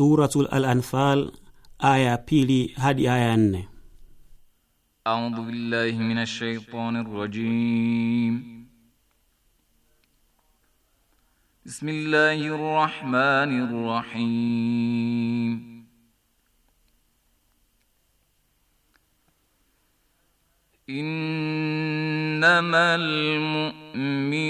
Suratul Al-Anfal aya pili hadi aya ya nne. A'udhu billahi minash shaitanir rajim. Bismillahir rahmanir rahim. إنما mu'min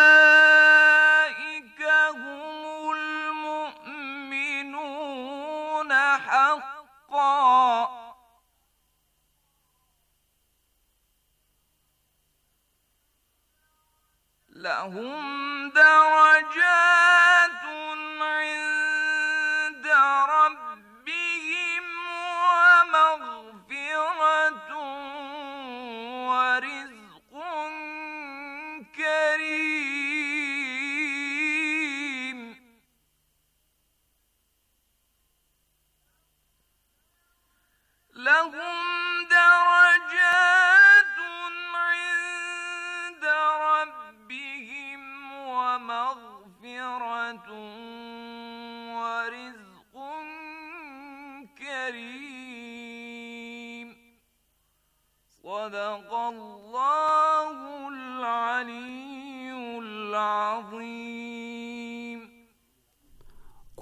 lahum darajat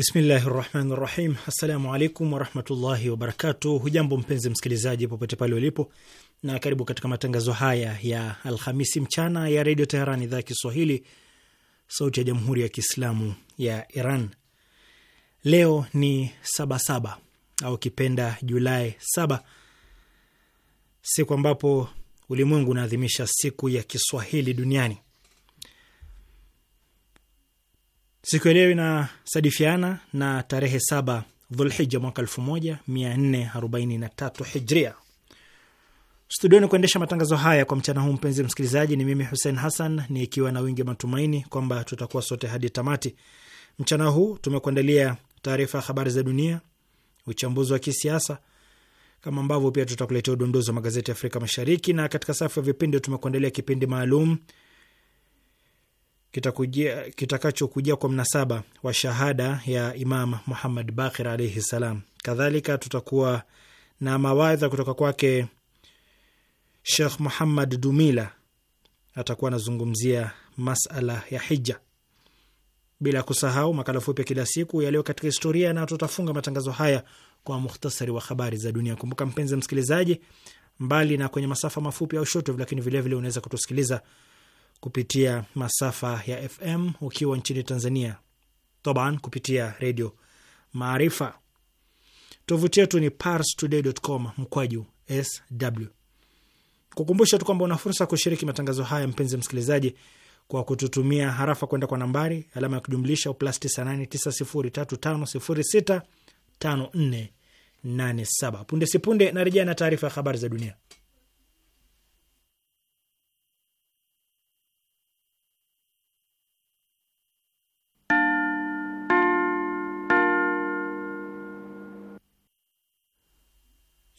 Bismillahi rahmani rahim. Assalamu alaikum warahmatullahi wabarakatu Hujambo mpenzi msikilizaji, popote pale ulipo, na karibu katika matangazo haya ya Alhamisi mchana ya Redio Teheran, idhaa ya Kiswahili, sauti ya Jamhuri ya Kiislamu ya Iran. Leo ni Sabasaba au kipenda Julai saba, siku ambapo ulimwengu unaadhimisha siku ya Kiswahili duniani. Siku ya leo inasadifiana na tarehe saba Dhulhija mwaka elfu moja mia nne arobaini na tatu Hijria. Studioni kuendesha matangazo haya kwa mchana huu, mpenzi msikilizaji, ni mimi Hussein Hassan, ni ikiwa na wingi matumaini kwamba tutakuwa sote hadi tamati. Mchana huu tumekuandalia taarifa ya habari za dunia, uchambuzi wa kisiasa, kama ambavyo pia tutakuletea udondozi wa magazeti ya Afrika Mashariki, na katika safu ya vipindi tumekuandalia kipindi maalum kitakachokujia kita kwa mnasaba wa shahada ya Imam Muhammad Bakir alaihi salam. Kadhalika tutakuwa na mawaidha kutoka kwake Shekh Muhammad Dumila, atakuwa anazungumzia masala ya hija, bila kusahau makala fupi ya kila siku yaliyo katika historia, na tutafunga matangazo haya kwa muhtasari wa habari za dunia. Kumbuka mpenzi msikilizaji, mbali na kwenye masafa mafupi au shortwave, lakini vilevile unaweza kutusikiliza kupitia masafa ya FM ukiwa nchini Tanzania toban kupitia redio Maarifa. Tovuti yetu ni parstoday.com mkwaju sw. Kukumbusha tu kwamba una fursa kushiriki matangazo haya, mpenzi msikilizaji, kwa kututumia harafa kwenda kwa nambari alama ya kujumlisha plus 989035065487. Punde sipunde narejea na taarifa ya habari za dunia.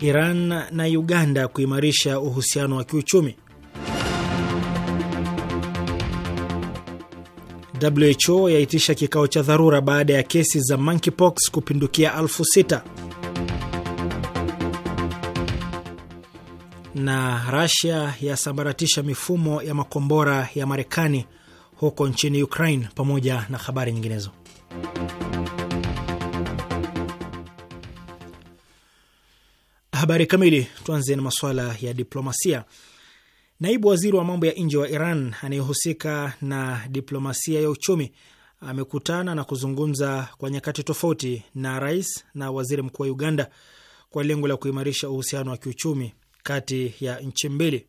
Iran na Uganda kuimarisha uhusiano wa kiuchumi. WHO yaitisha kikao cha dharura baada ya kesi za monkeypox kupindukia elfu sita. Na Russia yasambaratisha mifumo ya makombora ya Marekani huko nchini Ukraine pamoja na habari nyinginezo. Habari kamili. Tuanze na masuala ya diplomasia. Naibu waziri wa mambo ya nje wa Iran anayehusika na diplomasia ya uchumi amekutana na kuzungumza kwa nyakati tofauti na rais na waziri mkuu wa Uganda kwa lengo la kuimarisha uhusiano wa kiuchumi kati ya nchi mbili.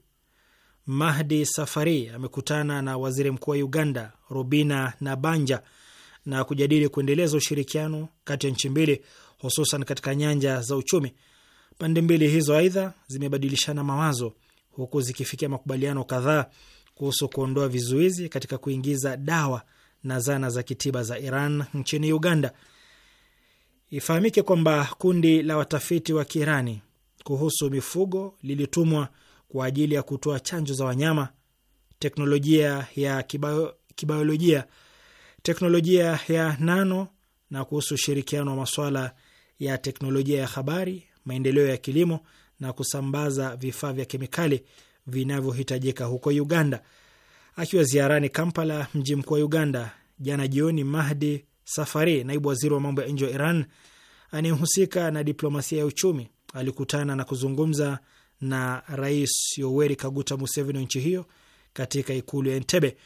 Mahdi Safari amekutana na waziri mkuu wa Uganda Robina Nabanja na kujadili kuendeleza ushirikiano kati ya nchi mbili, hususan katika nyanja za uchumi. Pande mbili hizo aidha zimebadilishana mawazo huku zikifikia makubaliano kadhaa kuhusu kuondoa vizuizi katika kuingiza dawa na zana za kitiba za Iran nchini Uganda. Ifahamike kwamba kundi la watafiti wa Kiirani kuhusu mifugo lilitumwa kwa ajili ya kutoa chanjo za wanyama, teknolojia ya kibiolojia, teknolojia ya nano na kuhusu ushirikiano wa masuala ya teknolojia ya habari maendeleo ya kilimo na kusambaza vifaa vya kemikali vinavyohitajika huko Uganda. Akiwa ziarani Kampala, mji mkuu wa Uganda, jana jioni, Mahdi Safari, naibu waziri wa mambo ya nje wa Iran anayehusika na diplomasia ya uchumi, alikutana na kuzungumza na Rais Yoweri Kaguta Museveni wa nchi hiyo katika ikulu ya Entebbe.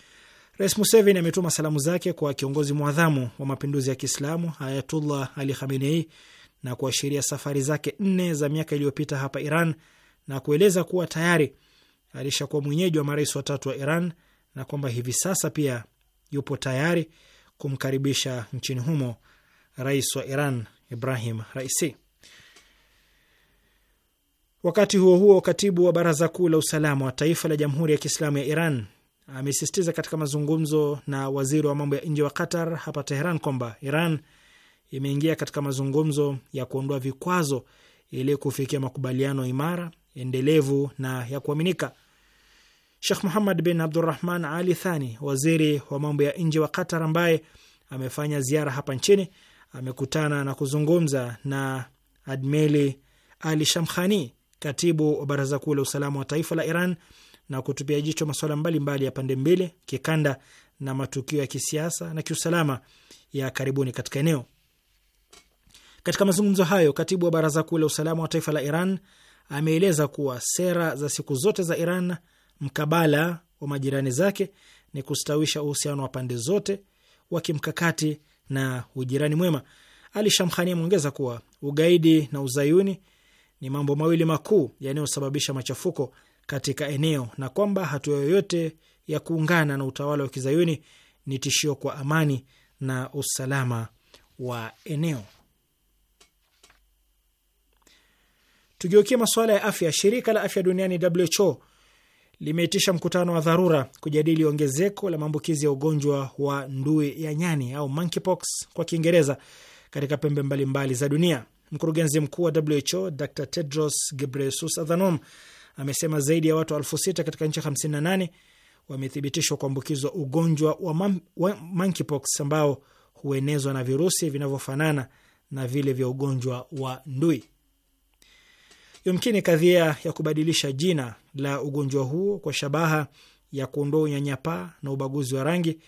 Rais Museveni ametuma salamu zake kwa kiongozi mwadhamu wa mapinduzi ya Kiislamu Ayatullah Ali Khamenei na kuashiria safari zake nne za miaka iliyopita hapa Iran na kueleza kuwa tayari alishakuwa mwenyeji wa marais watatu wa Iran na kwamba hivi sasa pia yupo tayari kumkaribisha nchini humo rais wa Iran Ibrahim Raisi. Wakati huo huo, katibu wa Baraza Kuu la Usalama wa Taifa la Jamhuri ya Kiislamu ya Iran amesisitiza katika mazungumzo na waziri wa mambo ya nje wa Qatar hapa Teheran kwamba Iran imeingia katika mazungumzo ya kuondoa vikwazo ili kufikia makubaliano imara, endelevu na ya kuaminika. Shekh Muhammad bin Abdurahman Ali Thani, waziri wa mambo ya nje wa Qatar, ambaye amefanya ziara hapa nchini, amekutana na kuzungumza na Admeli Ali Shamkhani, katibu wa baraza kuu la usalama wa taifa la Iran, na kutupia jicho masuala mbalimbali ya pande mbili, kikanda na matukio ya kisiasa na kiusalama ya karibuni katika eneo. Katika mazungumzo hayo, katibu wa baraza kuu la usalama wa taifa la Iran ameeleza kuwa sera za siku zote za Iran mkabala wa majirani zake ni kustawisha uhusiano wa pande zote wa kimkakati na ujirani mwema. Ali Shamkhani ameongeza kuwa ugaidi na uzayuni ni mambo mawili makuu yanayosababisha machafuko katika eneo na kwamba hatua yoyote ya kuungana na utawala wa kizayuni ni tishio kwa amani na usalama wa eneo. Tugeukie masuala ya afya. Shirika la afya duniani WHO limeitisha mkutano wa dharura kujadili ongezeko la maambukizi ya ugonjwa wa ndui ya nyani au monkeypox kwa Kiingereza katika pembe mbalimbali mbali za dunia. Mkurugenzi mkuu wa WHO Dr Tedros gebresus Adhanom amesema zaidi ya watu elfu sita katika nchi 58 wamethibitishwa kuambukizwa ugonjwa wa, wa monkeypox ambao huenezwa na virusi vinavyofanana na vile vya ugonjwa wa ndui. Yumkini kadhia ya kubadilisha jina la ugonjwa huo kwa shabaha ya kuondoa unyanyapaa na ubaguzi wa rangi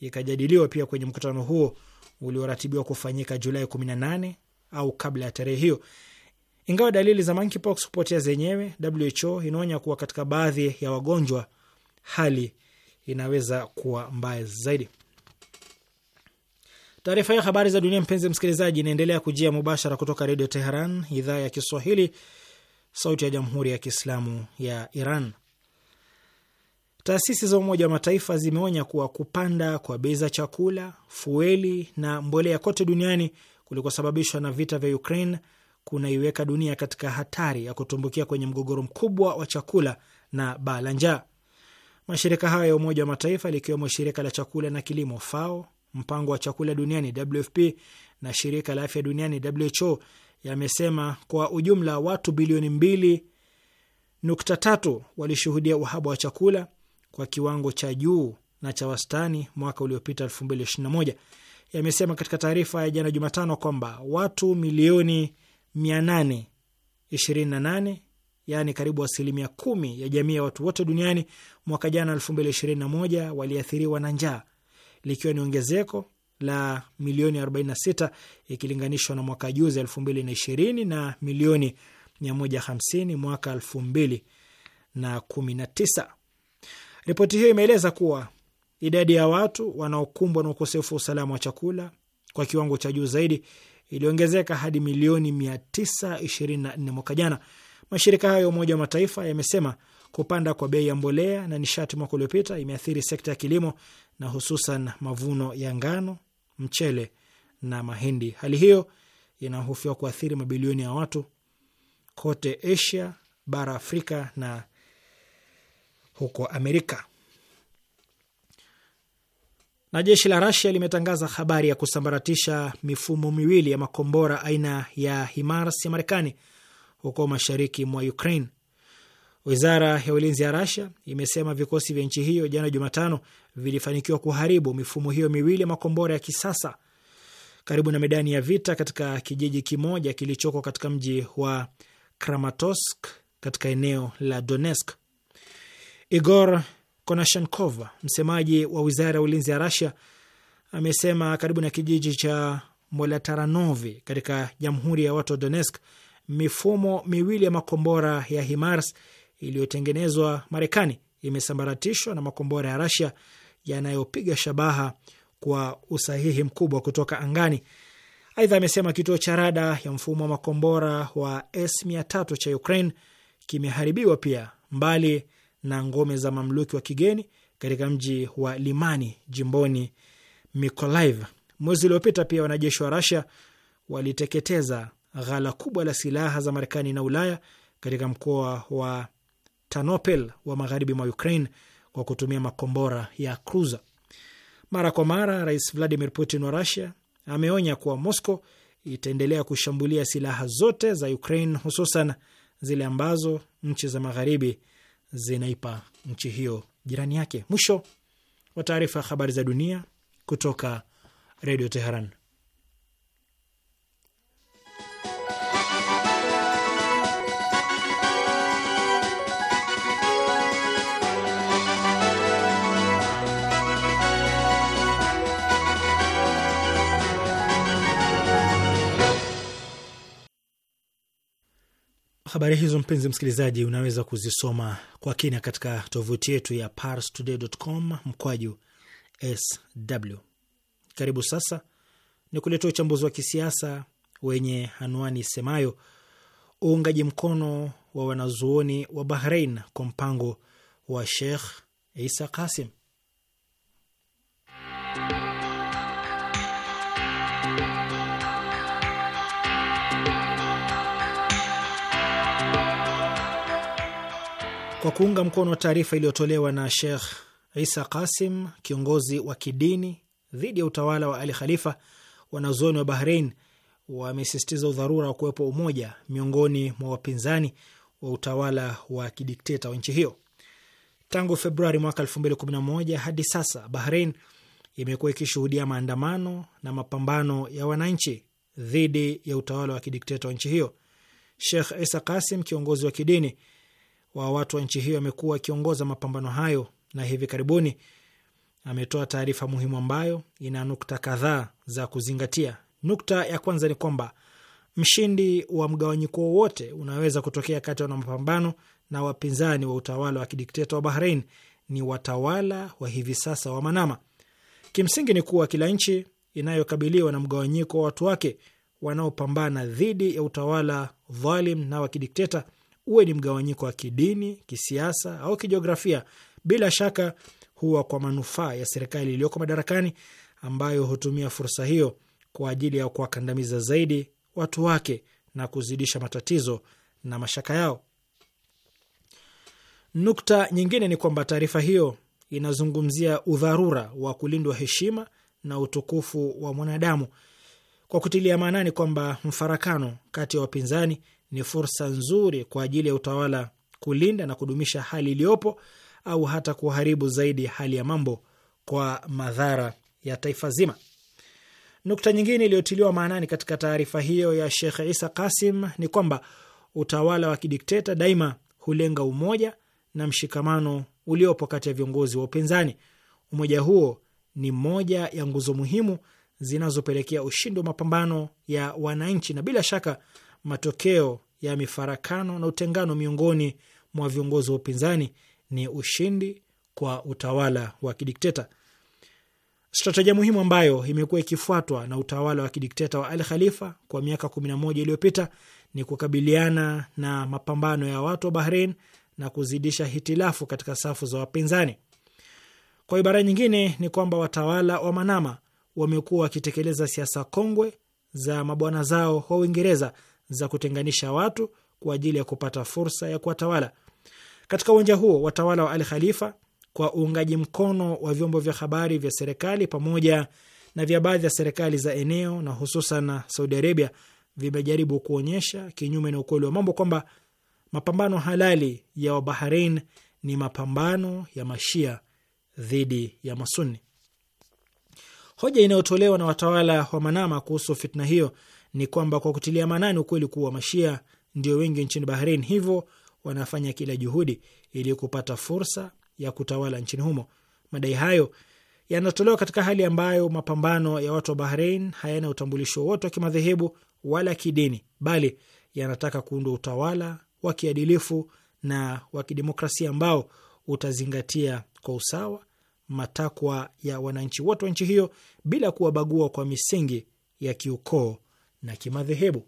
ikajadiliwa pia kwenye mkutano huo ulioratibiwa kufanyika Julai 18 au kabla ya tarehe hiyo. Ingawa dalili za monkeypox hupotea zenyewe, WHO inaonya kuwa katika baadhi ya wagonjwa hali inaweza kuwa mbaya zaidi. Taarifa hiyo habari za dunia, mpenzi msikilizaji, inaendelea kujia mubashara kutoka Redio Teheran, idhaa ya Kiswahili, sauti ya jamhuri ya kiislamu ya Iran. Taasisi za Umoja wa Mataifa zimeonya kuwa kupanda kwa bei za chakula, fueli na mbolea kote duniani kulikosababishwa na vita vya Ukraine kunaiweka dunia katika hatari ya kutumbukia kwenye mgogoro mkubwa wa chakula na baa la njaa. Mashirika hayo ya Umoja wa Mataifa likiwemo shirika la chakula na kilimo FAO, mpango wa chakula duniani WFP na shirika la afya duniani WHO yamesema kwa ujumla watu bilioni mbili nukta tatu walishuhudia uhaba wa chakula kwa kiwango cha juu na cha wastani mwaka uliopita moja. Yamesema katika taarifa ya jana Jumatano kwamba watu milioni nane yaani karibu asilimia kumi ya jamii ya watu wote duniani mwaka jana moja waliathiriwa na njaa likiwa ni ongezeko la milioni 46 ikilinganishwa na mwaka juzi 2020 na milioni 150 mwaka 2019. Ripoti hiyo imeeleza kuwa idadi ya watu wanaokumbwa na ukosefu wa usalama wa chakula kwa kiwango cha juu zaidi iliongezeka hadi milioni 924 mwaka jana. Mashirika hayo ya Umoja wa Mataifa yamesema kupanda kwa bei ya mbolea na nishati mwaka uliopita imeathiri sekta ya kilimo na hususan mavuno ya ngano, mchele na mahindi. Hali hiyo inahofiwa kuathiri mabilioni ya watu kote Asia, bara Afrika na huko Amerika. Na jeshi la Rasia limetangaza habari ya kusambaratisha mifumo miwili ya makombora aina ya HIMARS ya Marekani huko mashariki mwa Ukraine. Wizara ya ulinzi ya Rasia imesema vikosi vya nchi hiyo jana Jumatano vilifanikiwa kuharibu mifumo hiyo miwili ya makombora ya kisasa karibu na medani ya vita katika kijiji kimoja kilichoko katika mji wa Kramatorsk katika eneo la Donetsk. Igor Konashenkov, msemaji wa wizara ya ulinzi ya Rasia, amesema karibu na kijiji cha Molataranovi katika jamhuri ya watu wa Donetsk, mifumo miwili ya makombora ya HIMARS iliyotengenezwa Marekani imesambaratishwa na makombora ya Rasia yanayopiga shabaha kwa usahihi mkubwa kutoka angani. Aidha, amesema kituo cha rada ya mfumo wa makombora wa S300 cha Ukraine kimeharibiwa pia, mbali na ngome za mamluki wa kigeni katika mji wa Limani jimboni Mikolaiv. Mwezi uliopita pia wanajeshi wa Rasia waliteketeza ghala kubwa la silaha za Marekani na Ulaya katika mkoa wa Tanopel wa magharibi mwa Ukraine kwa kutumia makombora ya cruiser. Mara kwa mara, Rais Vladimir Putin wa Russia ameonya kuwa Moscow itaendelea kushambulia silaha zote za Ukraine, hususan zile ambazo nchi za magharibi zinaipa nchi hiyo jirani yake. Mwisho wa taarifa ya habari za dunia kutoka Redio Teheran. Habari hizo mpenzi msikilizaji, unaweza kuzisoma kwa kina katika tovuti yetu ya parstoday.com mkwaju sw. Karibu sasa ni kuletea uchambuzi wa kisiasa wenye anwani semayo uungaji mkono wa wanazuoni wa bahrein kwa mpango wa Sheikh Isa Kasim. kwa kuunga mkono taarifa iliyotolewa na Sheikh Isa Qasim, kiongozi wa kidini dhidi ya utawala wa Ali Khalifa, wanazuoni wa Bahrein wamesisitiza udharura wa kuwepo umoja miongoni mwa wapinzani wa utawala wa kidikteta wa nchi hiyo. Tangu Februari mwaka 2011 hadi sasa, Bahrein imekuwa ikishuhudia maandamano na mapambano ya wananchi dhidi ya utawala wa kidikteta wa nchi hiyo. Sheikh Isa Qasim, kiongozi wa kidini wa watu wa nchi hiyo amekuwa akiongoza mapambano hayo na hivi karibuni ametoa taarifa muhimu ambayo ina nukta kadhaa za kuzingatia. Nukta ya kwanza ni kwamba mshindi wa mgawanyiko wowote unaweza kutokea kati ya wanamapambano na wapinzani wa utawala wa kidikteta wa Bahrain ni watawala wa hivi sasa wa Manama. Kimsingi ni kuwa kila nchi inayokabiliwa na mgawanyiko wa watu wake wanaopambana dhidi ya utawala dhalim na wa kidikteta uwe ni mgawanyiko wa kidini, kisiasa au kijiografia, bila shaka huwa kwa manufaa ya serikali iliyoko madarakani ambayo hutumia fursa hiyo kwa ajili ya kuwakandamiza zaidi watu wake na kuzidisha matatizo na mashaka yao. Nukta nyingine ni kwamba taarifa hiyo inazungumzia udharura wa kulindwa heshima na utukufu wa mwanadamu kwa kutilia maanani kwamba mfarakano kati ya wapinzani ni fursa nzuri kwa ajili ya utawala kulinda na kudumisha hali iliyopo au hata kuharibu zaidi hali ya mambo kwa madhara ya taifa zima. Nukta nyingine iliyotiliwa maanani katika taarifa hiyo ya Sheikh Isa Kasim ni kwamba utawala wa kidikteta daima hulenga umoja na mshikamano uliopo kati ya viongozi wa upinzani. Umoja huo ni moja ya nguzo muhimu zinazopelekea ushindi wa mapambano ya wananchi, na bila shaka matokeo ya mifarakano na utengano miongoni mwa viongozi wa upinzani ni ushindi kwa utawala wa kidikteta. Stratejia muhimu ambayo imekuwa ikifuatwa na utawala wa kidikteta wa Al Khalifa kwa miaka 11 iliyopita ni kukabiliana na mapambano ya watu wa Bahrain na kuzidisha hitilafu katika safu za wapinzani. Kwa ibara nyingine, ni kwamba watawala wa Manama wamekuwa wakitekeleza siasa kongwe za mabwana zao wa Uingereza za kutenganisha watu kwa ajili ya kupata fursa ya kuwatawala. Katika uwanja huo, watawala wa Al Khalifa kwa uungaji mkono wa vyombo vya habari vya serikali pamoja na vya baadhi ya serikali za eneo na hususan Saudi Arabia vimejaribu kuonyesha kinyume na ukweli wa mambo kwamba mapambano halali ya Wabahrain ni mapambano ya Mashia dhidi ya Masuni. Hoja inayotolewa na watawala wa Manama kuhusu fitna hiyo ni kwamba kwa kutilia maanani ukweli kuwa mashia ndio wengi nchini Bahrain, hivyo wanafanya kila juhudi ili kupata fursa ya kutawala nchini humo. Madai hayo yanatolewa katika hali ambayo mapambano ya watu wa Bahrain hayana utambulisho wowote wa kimadhehebu wala kidini, bali yanataka kuundwa utawala wa kiadilifu na wa kidemokrasia ambao utazingatia kwa usawa matakwa ya wananchi wote wa nchi hiyo bila kuwabagua kwa misingi ya kiukoo na kimadhehebu.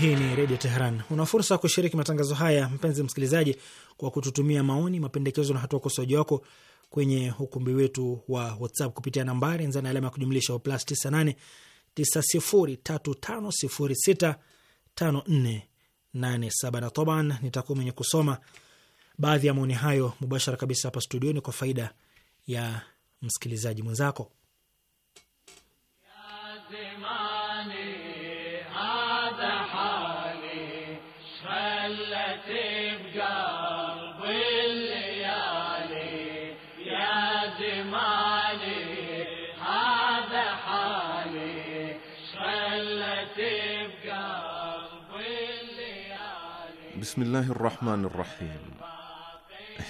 Hii ni Redio Teheran. Una fursa ya kushiriki matangazo haya, mpenzi msikilizaji, kwa kututumia maoni, mapendekezo na hatua ukosoaji wako kwenye ukumbi wetu wa WhatsApp kupitia nambari nzana alama ya kujumlisha plus 98 903506 5487 na taban, nitakuwa mwenye kusoma baadhi ya maoni hayo mubashara kabisa hapa studioni kwa faida ya msikilizaji mwenzako. Bismillahi rahmani rahim.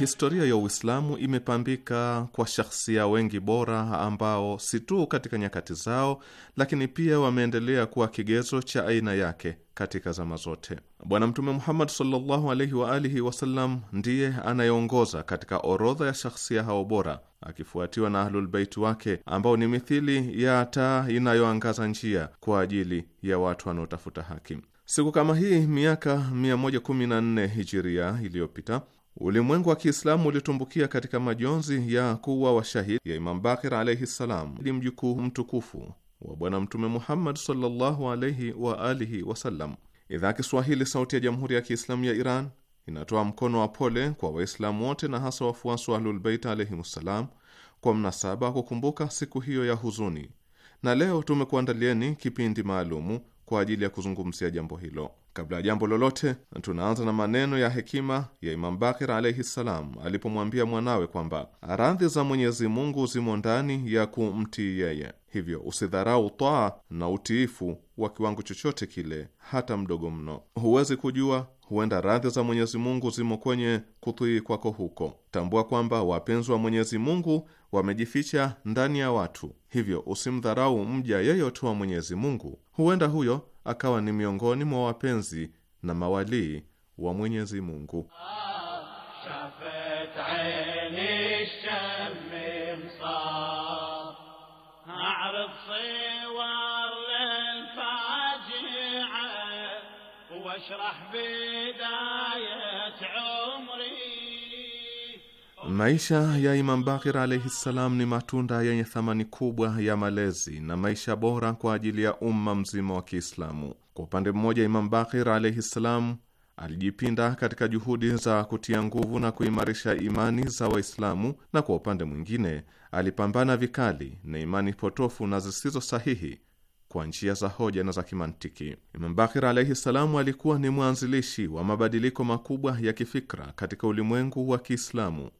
Historia ya Uislamu imepambika kwa shakhsia wengi bora ambao si tu katika nyakati zao, lakini pia wameendelea kuwa kigezo cha aina yake katika zama zote. Bwana Mtume Muhammad sallallahu alaihi wa alihi wasallam ndiye anayeongoza katika orodha ya shakhsia hao bora, akifuatiwa na Ahlulbeiti wake ambao ni mithili ya taa inayoangaza njia kwa ajili ya watu wanaotafuta haki. Siku kama hii miaka 114 hijiria iliyopita ulimwengu wa Kiislamu ulitumbukia katika majonzi ya kuwa washahidi ya Imam Bakir alaihi ssalam, ili mjukuu mtukufu wa Bwana Mtume Muhammad sallallahu alaihi wa alihi wasallam. Idhaa ya Kiswahili sauti ya Jamhuri ya Kiislamu ya Iran inatoa mkono wa pole kwa Waislamu wote na hasa wafuasi wa Ahlulbeit alaihim ssalam kwa mnasaba wa kukumbuka siku hiyo ya huzuni, na leo tumekuandalieni kipindi maalumu kwa ajili ya kuzungumzia jambo hilo. Kabla ya jambo lolote, tunaanza na maneno ya hekima ya Imam Bakir alaihi ssalam alipomwambia mwanawe kwamba radhi za Mwenyezi Mungu zimo ndani ya kumtii yeye, hivyo usidharau twaa na utiifu wa kiwango chochote kile, hata mdogo mno. Huwezi kujua, huenda radhi za Mwenyezi Mungu zimo kwenye kutii kwako huko. Tambua kwamba wapenzi wa Mwenyezi Mungu wamejificha ndani ya watu, hivyo usimdharau mja yeyote wa Mwenyezi Mungu Huenda huyo akawa ni miongoni mwa wapenzi na mawalii wa Mwenyezi Mungu. Maisha ya Imam Bakir alaihi ssalam ni matunda yenye thamani kubwa ya malezi na maisha bora kwa ajili ya umma mzima wa Kiislamu. Kwa upande mmoja, Imam Bakir alaihi ssalam alijipinda katika juhudi za kutia nguvu na kuimarisha imani za Waislamu, na kwa upande mwingine alipambana vikali na imani potofu na zisizo sahihi kwa njia za hoja na za kimantiki. Imam Bakir alaihi ssalamu alikuwa ni mwanzilishi wa mabadiliko makubwa ya kifikra katika ulimwengu wa Kiislamu.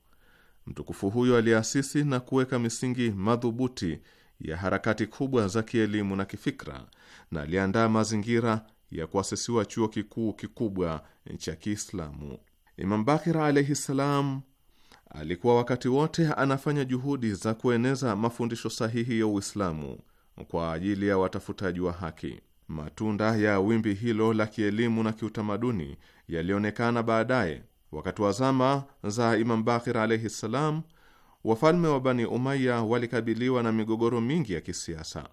Mtukufu huyo aliasisi na kuweka misingi madhubuti ya harakati kubwa za kielimu na kifikra na aliandaa mazingira ya kuasisiwa chuo kikuu kikubwa cha Kiislamu. Imam Bakir alaihi ssalam alikuwa wakati wote anafanya juhudi za kueneza mafundisho sahihi ya Uislamu kwa ajili ya watafutaji wa haki. Matunda ya wimbi hilo la kielimu na kiutamaduni yalionekana baadaye Wakati wa zama za Imam Bakir alaihi ssalam, wafalme wa Bani Umaya walikabiliwa na migogoro mingi ya kisiasa,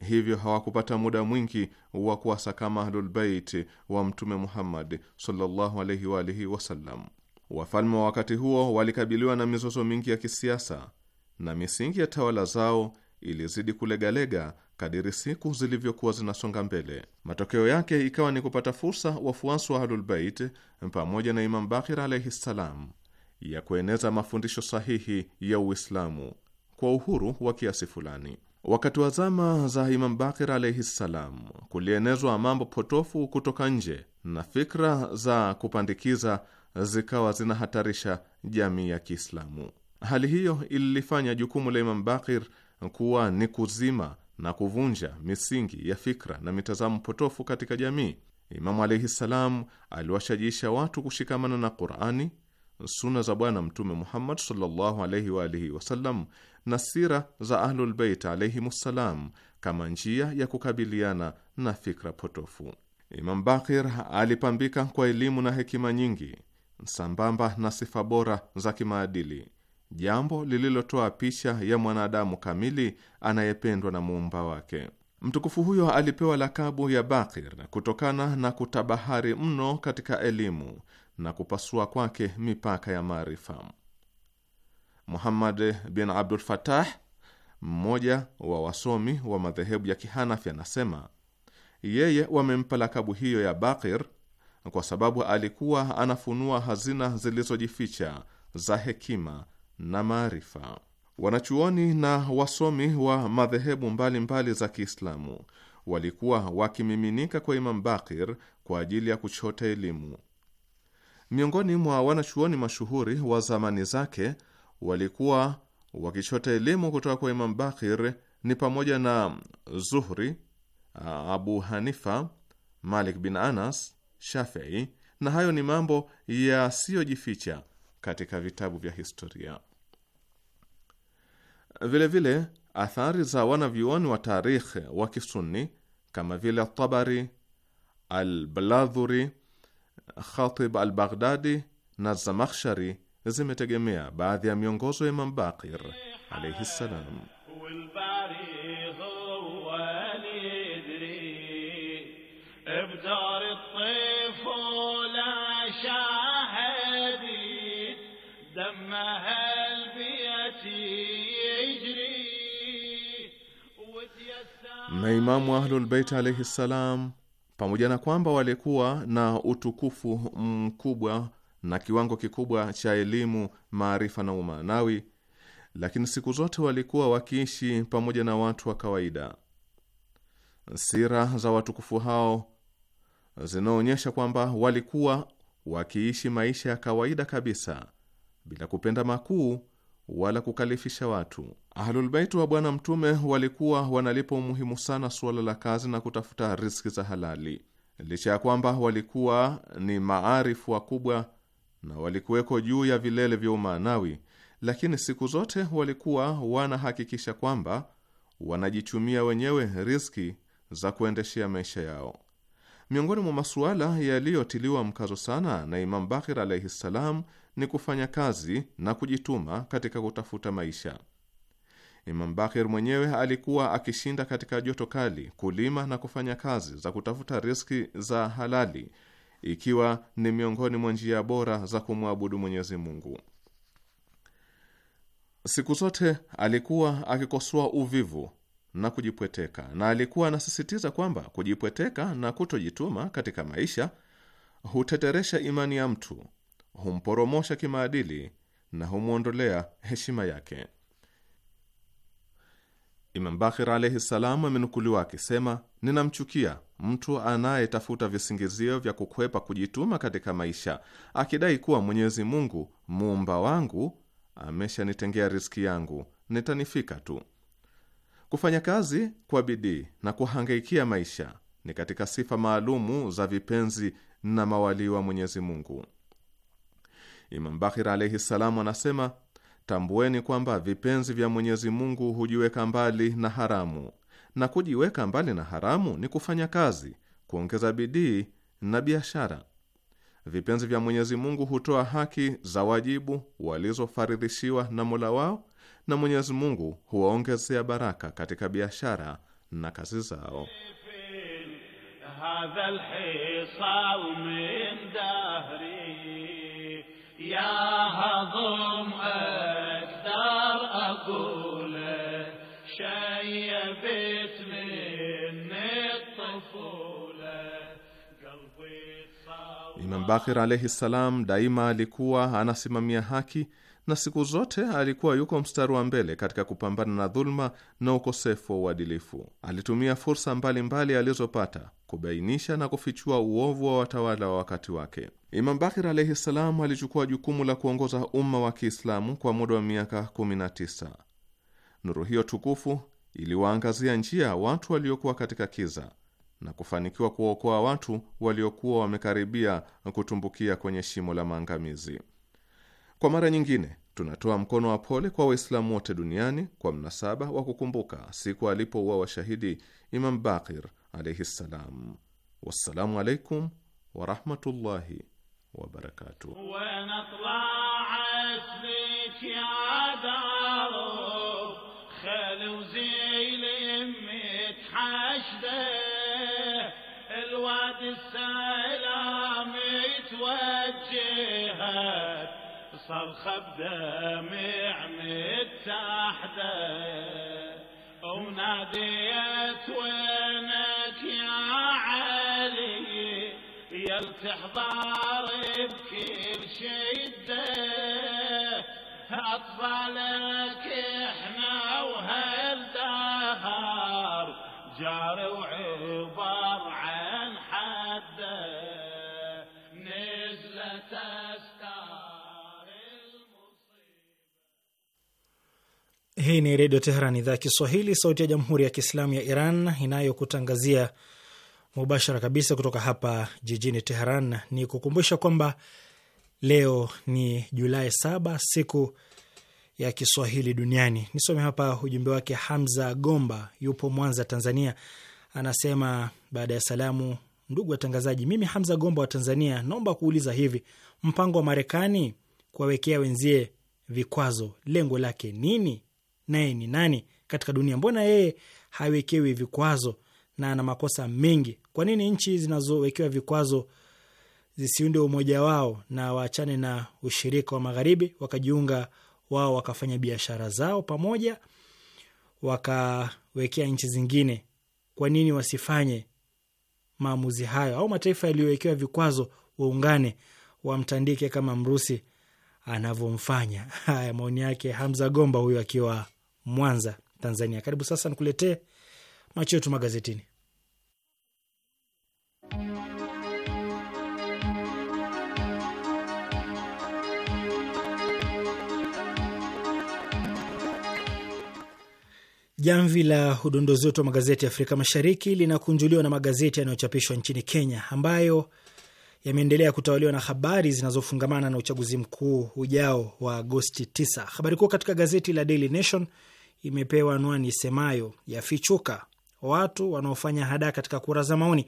hivyo hawakupata muda mwingi wa kuwasakama Ahlulbeit wa Mtume Muhammad sallallahu alaihi wa alihi wasallam. Wafalme wa wakati huo walikabiliwa na mizozo mingi ya kisiasa na misingi ya tawala zao ilizidi kulegalega kadiri siku zilivyokuwa zinasonga mbele. Matokeo yake ikawa ni kupata fursa wafuasi wa Ahlulbeit pamoja na Imam Bakir alaihi ssalam ya kueneza mafundisho sahihi ya Uislamu kwa uhuru wa kiasi fulani. Wakati wa zama za Imam Bakir alaihi ssalam, kulienezwa mambo potofu kutoka nje na fikra za kupandikiza zikawa zinahatarisha jamii ya Kiislamu. Hali hiyo ililifanya jukumu la Imam Bakir kuwa ni kuzima na kuvunja misingi ya fikra na mitazamo potofu katika jamii. Imamu alaihi ssalam aliwashajiisha watu kushikamana na Qurani, suna za Bwana Mtume Muhammad sallallahu alaihi wa alihi wasallam na sira za Ahlulbeit alaihim ssalam kama njia ya kukabiliana na fikra potofu. Imam Bakir alipambika kwa elimu na hekima nyingi sambamba na sifa bora za kimaadili jambo lililotoa picha ya mwanadamu kamili anayependwa na muumba wake. Mtukufu huyo alipewa lakabu ya Bakir kutokana na kutabahari mno katika elimu na kupasua kwake mipaka ya maarifa. Muhammad bin Abdul Fatah, mmoja wa wasomi wa madhehebu ya Kihanafi, anasema yeye wamempa lakabu hiyo ya Bakir kwa sababu alikuwa anafunua hazina zilizojificha za hekima na maarifa. Wanachuoni na wasomi wa madhehebu mbalimbali za Kiislamu walikuwa wakimiminika kwa Imam Bakir kwa ajili ya kuchota elimu. Miongoni mwa wanachuoni mashuhuri wa zamani zake walikuwa wakichota elimu kutoka kwa Imam Bakir ni pamoja na Zuhri, Abu Hanifa, Malik bin Anas, Shafii, na hayo ni mambo yasiyojificha katika vitabu vya historia. Vilevile vile, athari za wanavyuoni wa tarikhi wa Kisunni kama vile Tabari, albladhuri Khatib Albaghdadi na Zamakhshari zimetegemea baadhi ya miongozo ya Imam Baqir alayhi salam. Maimamu Ahlulbeit alaihi ssalam, pamoja na kwamba walikuwa na utukufu mkubwa na kiwango kikubwa cha elimu, maarifa na umaanawi, lakini siku zote walikuwa wakiishi pamoja na watu wa kawaida. Sira za watukufu hao zinaonyesha kwamba walikuwa wakiishi maisha ya kawaida kabisa bila kupenda makuu wala kukalifisha watu. Ahlulbaiti wa Bwana Mtume walikuwa wanalipa umuhimu sana suala la kazi na kutafuta riziki za halali, licha ya kwamba walikuwa ni maarifu wakubwa na walikuweko juu ya vilele vya umaanawi, lakini siku zote walikuwa wanahakikisha kwamba wanajichumia wenyewe riziki za kuendeshea maisha yao. Miongoni mwa masuala yaliyotiliwa mkazo sana na Imam Bakir alaihi ssalam ni kufanya kazi na kujituma katika kutafuta maisha. Imam Bakir mwenyewe alikuwa akishinda katika joto kali kulima na kufanya kazi za kutafuta riski za halali, ikiwa ni miongoni mwa njia bora za kumwabudu Mwenyezi Mungu. Siku zote alikuwa akikosoa uvivu na kujipweteka, na alikuwa anasisitiza kwamba kujipweteka na kutojituma katika maisha huteteresha imani ya mtu, humporomosha kimaadili na humwondolea heshima yake. Imam alaihi salam amenukuliwa akisema, ninamchukia mtu anayetafuta visingizio vya kukwepa kujituma katika maisha, akidai kuwa Mwenyezi Mungu muumba wangu ameshanitengea riziki yangu, nitanifika tu. Kufanya kazi kwa bidii na kuhangaikia maisha ni katika sifa maalumu za vipenzi na mawalii wa Mwenyezi Mungu. Imam Bakhir alaihi salamu anasema, tambueni kwamba vipenzi vya Mwenyezi Mungu hujiweka mbali na haramu, na kujiweka mbali na haramu ni kufanya kazi, kuongeza bidii na biashara. Vipenzi vya Mwenyezi Mungu hutoa haki za wajibu walizofaridhishiwa na Mola wao na Mwenyezi Mungu huwaongezea baraka katika biashara na kazi zao. Imam Bakir alaihi salam daima alikuwa anasimamia haki na siku zote alikuwa yuko mstari wa mbele katika kupambana na dhuluma na ukosefu wa uadilifu. Alitumia fursa mbalimbali alizopata kubainisha na kufichua uovu wa watawala wa wakati wake. Imam Bakir alaihi ssalam alichukua jukumu la kuongoza umma wa Kiislamu kwa muda wa miaka 19. Nuru hiyo tukufu iliwaangazia njia watu waliokuwa katika kiza na kufanikiwa kuwaokoa watu waliokuwa wamekaribia kutumbukia kwenye shimo la maangamizi. Kwa mara nyingine tunatoa mkono wa pole kwa Waislamu wote duniani kwa mnasaba wa kukumbuka siku alipouawa washahidi Imam Bakir alaihi ssalam. Wassalamu alaikum warahmatullahi wabarakatuh. صرخة بدمع متحده وناديت وينك يا علي يا التحضار بكل شدة أطفالك احنا وهالدهر جار وعبر Hii ni Redio Teheran, idhaa ya Kiswahili, sauti ya Jamhuri ya Kiislamu ya Iran, inayokutangazia mubashara kabisa kutoka hapa jijini Teheran. Ni kukumbusha kwamba leo ni Julai saba, siku ya Kiswahili duniani. Nisome hapa ujumbe wake. Hamza Gomba yupo Mwanza, Tanzania, anasema baada ya salamu, ndugu watangazaji, mimi Hamza Gomba wa Tanzania naomba kuuliza hivi, mpango wa Marekani kuwawekea wenzie vikwazo lengo lake nini? naye ni nani katika dunia? Mbona yeye hawekewi vikwazo na ana makosa mengi? Kwa nini nchi zinazowekewa vikwazo zisiunde umoja wao na waachane na ushirika wa magharibi, wakajiunga wao, wakafanya biashara zao pamoja, wakawekea nchi zingine? Kwa nini wasifanye maamuzi hayo? Au mataifa yaliyowekewa vikwazo waungane, wamtandike kama Mrusi anavyomfanya. Haya, maoni yake Hamza Gomba, huyo akiwa Mwanza, Tanzania. Karibu sasa nikuletee macho yetu magazetini. Jamvi la udondozi wetu wa magazeti ya Afrika Mashariki linakunjuliwa na magazeti yanayochapishwa nchini Kenya ambayo yameendelea kutawaliwa na habari zinazofungamana na uchaguzi mkuu ujao wa Agosti 9. Habari kuu katika gazeti la Daily Nation imepewa anwani semayo yafichuka, watu wanaofanya hadaa katika kura za maoni.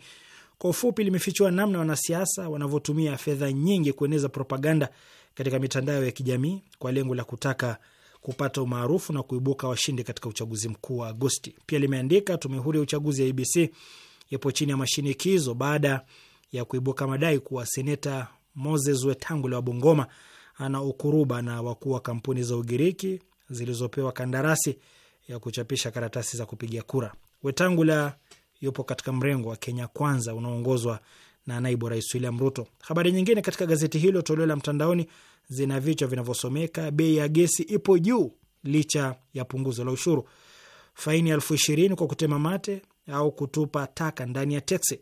Kwa ufupi, limefichua namna wanasiasa wanavyotumia fedha nyingi kueneza propaganda katika mitandao ya kijamii kwa lengo la kutaka kupata umaarufu na kuibuka washindi katika uchaguzi mkuu wa Agosti. Pia limeandika tume huru ya uchaguzi ya ABC ipo chini ya mashinikizo baada ya kuibuka madai kuwa seneta Moses Wetangula wa Bungoma ana ukuruba na wakuu wa kampuni za Ugiriki zilizopewa kandarasi ya kuchapisha karatasi za kupigia kura. Wetangula yupo katika mrengo wa Kenya Kwanza unaoongozwa na naibu rais William Ruto. Habari nyingine katika gazeti hilo toleo la mtandaoni zina vichwa vinavyosomeka: bei ya gesi ipo juu licha ya punguzo la ushuru, faini elfu ishirini kwa kutema mate au kutupa taka ndani ya teksi,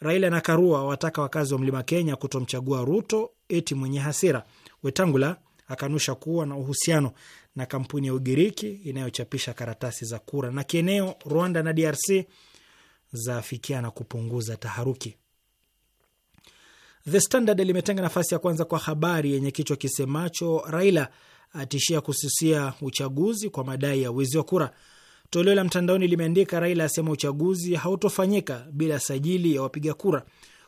Raila na Karua wataka wakazi wa mlima Kenya kutomchagua Ruto eti mwenye hasira, Wetangula akanusha kuwa na uhusiano na kampuni ya Ugiriki inayochapisha karatasi za kura, na kieneo Rwanda na DRC zafikia na kupunguza taharuki. The Standard limetenga nafasi ya kwanza kwa habari yenye kichwa kisemacho Raila atishia kususia uchaguzi kwa madai ya wizi wa kura. Toleo la mtandaoni limeandika Raila asema uchaguzi hautofanyika bila sajili ya wapiga kura.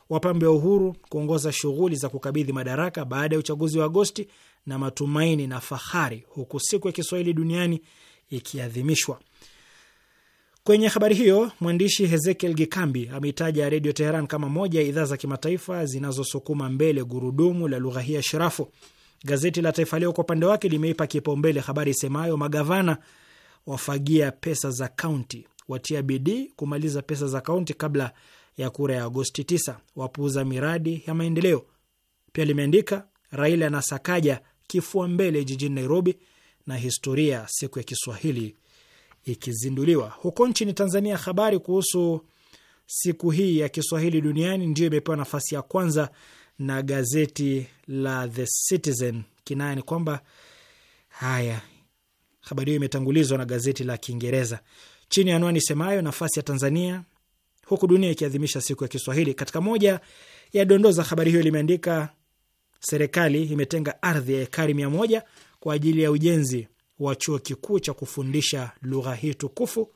Wapambe wa Uhuru kuongoza shughuli za kukabidhi madaraka baada ya uchaguzi wa Agosti na matumaini na fahari, huku siku ya Kiswahili duniani ikiadhimishwa. Kwenye habari hiyo, mwandishi Hezekiel Gikambi ameitaja Redio Teheran kama moja ya idhaa za kimataifa zinazosukuma mbele gurudumu la lugha hii ya shirafu. Gazeti la Taifa Leo kwa upande wake limeipa kipaumbele habari isemayo magavana wafagia pesa za kaunti, watia bidii kumaliza pesa za kaunti kabla ya kura ya Agosti 9, wapuuza miradi ya maendeleo. Pia limeandika Raila na Sakaja kifua mbele jijini Nairobi na historia siku ya Kiswahili ikizinduliwa. Huko nchini Tanzania, habari kuhusu siku hii ya Kiswahili duniani ndiyo imepewa nafasi ya kwanza na gazeti la The Citizen. Kinaya ni kwamba haya, habari hiyo imetangulizwa na gazeti la Kiingereza chini ya anwani semayo nafasi ya Tanzania huku dunia ikiadhimisha siku ya Kiswahili. Katika moja ya dondoo za habari hiyo limeandika serikali imetenga ardhi ya ekari mia moja kwa ajili ya ujenzi wa chuo kikuu cha kufundisha lugha hii tukufu,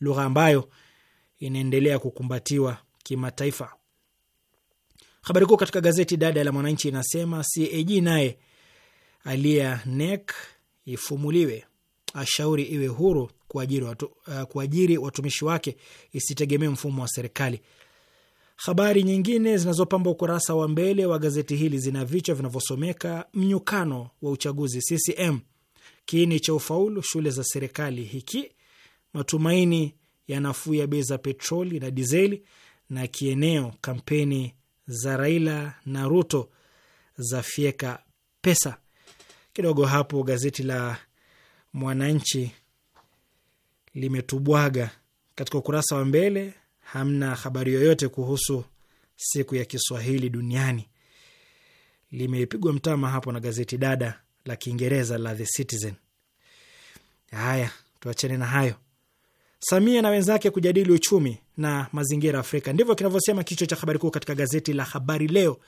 lugha ambayo inaendelea kukumbatiwa kimataifa. Habari kuu katika gazeti dada la Mwananchi inasema CAG naye alia NEC ifumuliwe, ashauri iwe huru kuajiri watu, uh, kuajiri watumishi wake, isitegemee mfumo wa serikali. Habari nyingine zinazopamba ukurasa wa mbele wa gazeti hili zina vichwa vinavyosomeka: mnyukano wa uchaguzi CCM, kiini cha ufaulu shule za serikali hiki, matumaini ya nafuu ya bei za petroli na dizeli, na kieneo, kampeni za Raila na Ruto za fieka pesa kidogo. Hapo gazeti la Mwananchi limetubwaga katika ukurasa wa mbele hamna habari yoyote kuhusu siku ya Kiswahili duniani. Limepigwa mtama hapo na gazeti dada la Kiingereza la The Citizen. Haya, tuachane na hayo. Samia na wenzake kujadili uchumi na mazingira Afrika, ndivyo kinavyosema kichwa cha habari kuu katika gazeti la Habari Leo,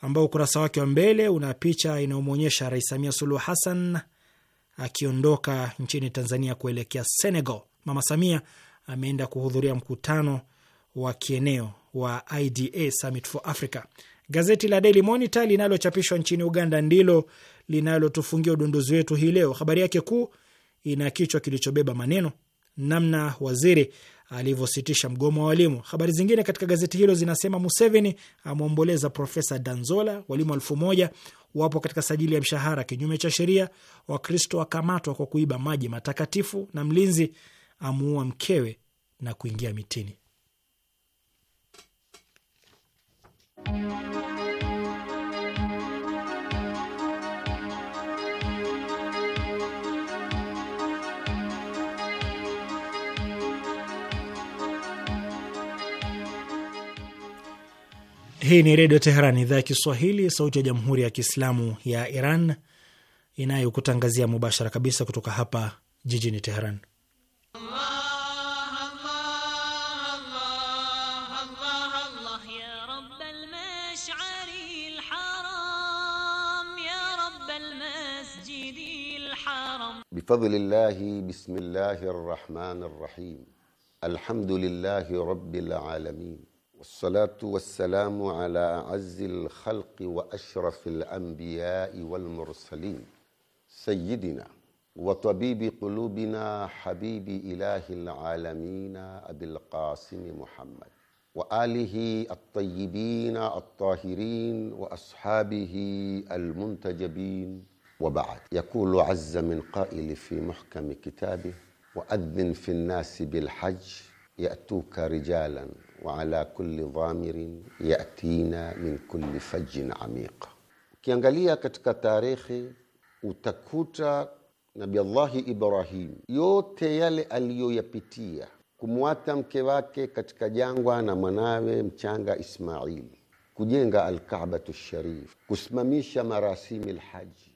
ambao ukurasa wake wa mbele una picha inayomwonyesha Rais Samia Suluhu Hassan akiondoka nchini Tanzania kuelekea Senegal. Mama Samia ameenda kuhudhuria mkutano wa kieneo wa IDA Summit for Africa. Gazeti la Daily Monitor linalochapishwa nchini Uganda ndilo linalotufungia udunduzi wetu hii leo. Habari yake kuu ina kichwa kilichobeba maneno namna waziri alivyositisha mgomo wa walimu. Habari zingine katika gazeti hilo zinasema Museveni amwomboleza Profesa Danzola, walimu elfu moja wapo katika sajili ya mshahara kinyume cha sheria, Wakristo wakamatwa kwa kuiba maji matakatifu, na mlinzi amuua mkewe na kuingia mitini. Hii ni Redio Teheran, idhaa ya Kiswahili, sauti ya Jamhuri ya Kiislamu ya Iran inayokutangazia mubashara kabisa kutoka hapa jijini Teheran. بفضل الله بسم الله الرحمن الرحيم الحمد لله رب العالمين والصلاة والسلام على أعز الخلق وأشرف الأنبياء والمرسلين سيدنا وطبيب قلوبنا حبيب إله العالمين أبي القاسم محمد وآله الطيبين الطاهرين وأصحابه المنتجبين وبعد يقول عز من قائل في محكم كتابه وأذن في الناس بالحج يأتوك رجالا وعلى كل ضامر يأتينا من كل فج عميق ukiangalia katika tarikhi utakuta nabi allahi ibrahim yote yale aliyoyapitia kumwata mke wake katika jangwa na mwanawe mchanga ismaili kujenga alkabatu sharif kusimamisha marasimi lhaji